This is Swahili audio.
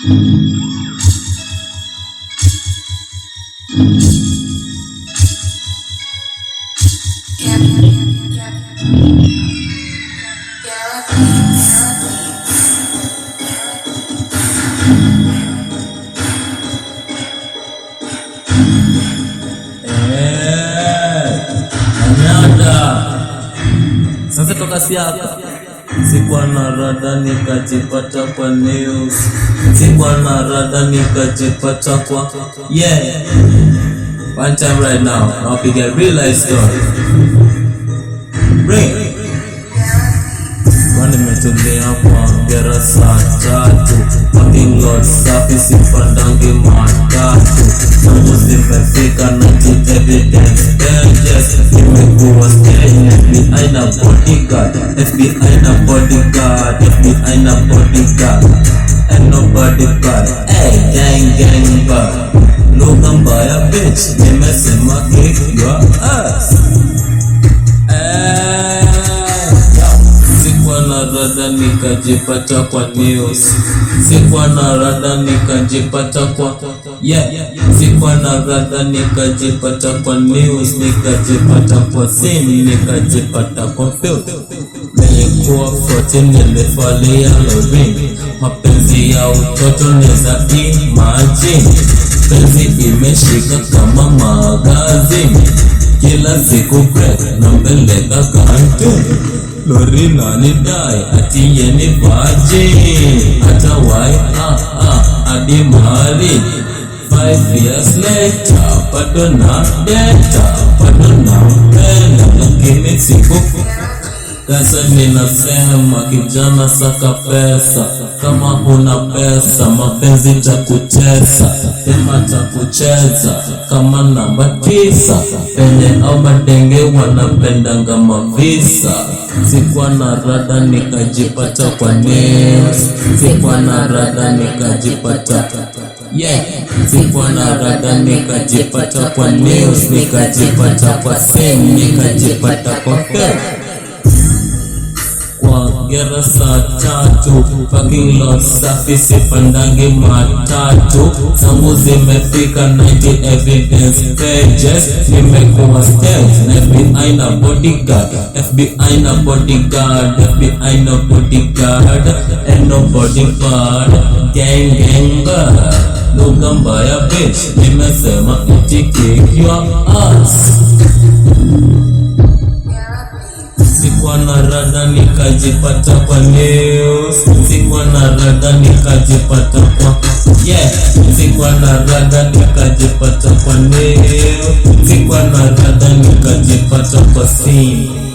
Eh, Sampai tukar siap. siap. Sikuwa na rada nikajipata kwa news, sikuwa na rada nikajipata kwa yeah. One time right now, nawapiga real life story nimetembea kwa ngera saa tatu, parking lot safi, sipandangi matatu Nimefika na nimekuwa FBI na bodyguard FBI na bodyguard FBI na bodyguard and no bodyguard hey gang gang bang lugha mbaya bitch nimesema kichwa ass eh, rada nikajipata kwa news, sikuwa na rada nikajipata kwa yeah. Sikuwa na radha nikajipata kwa news, nikajipata kwa simu, nikajipata kwa peo. Nilikuwa foti, nilivalia lorin, mapenzi ya utoto neza imagine, penzi imeshika kama magazini, kila siku break na mbele kakantuni Lori dai ati yeni vaji hata wai ah ah adi mahali five years later, bado na data, bado nampenda, lakini siku Kaza ninasema kijana, saka pesa, kama huna pesa mapenzi takutesa, pema takucheza kama namba tisa. Penye au madenge wanapendanga mavisa, sikwa na rada nikajipata kwa news, sikwa na rada nikajipata Yeah. Siku na rada nikajipata kwa news, nikajipata kwa sen, nikajipata kwa fem chacho fucking love safi sipandange matatu samuzi imefika 90 evidence pages nimekuwa stealth na FBI na bodyguard FBI na bodyguard FBI na bodyguard and no bodyguard gang ganga lugha mbaya bitch nimesema itikikwa us Sikuwa na rada nikajipata kwa leo, sikuwa na rada nikajipata kwa yeah, sikuwa na rada nikajipata kwa leo, sikuwa na rada nikajipata kwa simu